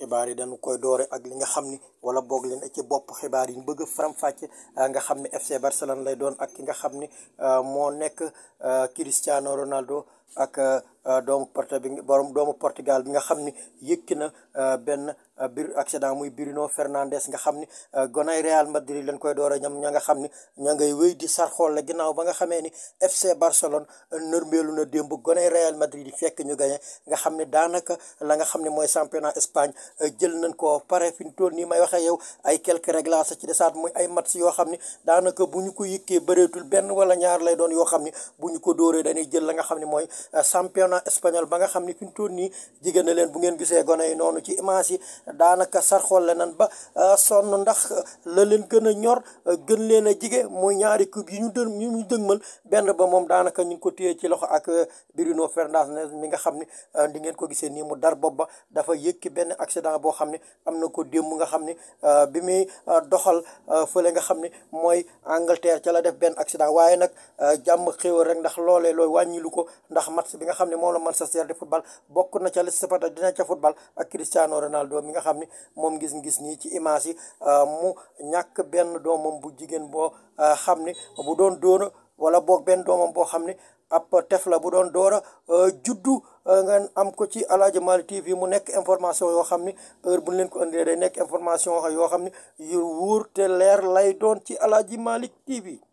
xibaar yi dañu ak li nga xam ni wala boog leen ci bopp xibaar yi bëgg a faram-fàcce ah, nga xam ne FC Barcelone lay doon ak ki nga xam ni ah, moo nekk ah, Cristiano Ronaldo ak. Euh, doomu porte bi borom doomu Portugal bi nga xam ni yëkki na euh, benn euh, bir accident muy Bruno Fernandes nga xam ni gonay Real Madrid lañ koy dooree a ñam ña nga xam ni ña ngay wéy di sarxool la ginnaaw ba nga xamee ni FC Barcelone nërmeelu na démb gonay Real Madrid yi fekk ñu gañe nga xam ne daanaka la nga xam ne mooy championnat Espagne jël nañ ko pare fi ñu toll nii may waxee yow ay quelques réglages ci desaat muy ay match yoo xam ni daanaka bu ñu ko yëkkee bëreetul benn wala ñaar lay doon yoo xam ni bu ñu ko dóoree dañuy jël la nga xam ne mooy championnat président espagnol ba nga xam ni fi mu toll nii jigéen leen bu ngeen gisee gone yi noonu ci image yi daanaka sarxool le nan ba euh, sonn ndax euh, la leen gën a ñor euh, gën leen a jige mooy ñaari ku yi ñu dë yi ñu dëgmal benn ba moom daanaka ñu ngi ko téye ci loxo ak Bruno Fernandes mi nga xam ni di ngeen ko gisee nii mu dar bopp ba dafa yëkki benn accident boo xam ne am na ko démb nga xam ne bi muy doxal fële nga xam ne mooy Angleterre ca la def benn accident waaye nag jàmm xéewal rek ndax loolee looy wàññilu ko moom la Manchester di football bokk na ca les Zapata dina ca football ak Cristiano Ronaldo mi nga xam ne moom ngis ngis nii ci image yi euh, mu ñàkk benn doomam bu jigéen boo euh, xam ne bu doon doona wala boog benn doomam boo xam ne ab tef bu doon door a euh, juddu ngeen am ko ci Aladji Malick TV mu nekk information yoo xam ni heure bu ñu leen ko indee day nekk information yoo xam ni te leer lay doon ci Aladji Malick TV.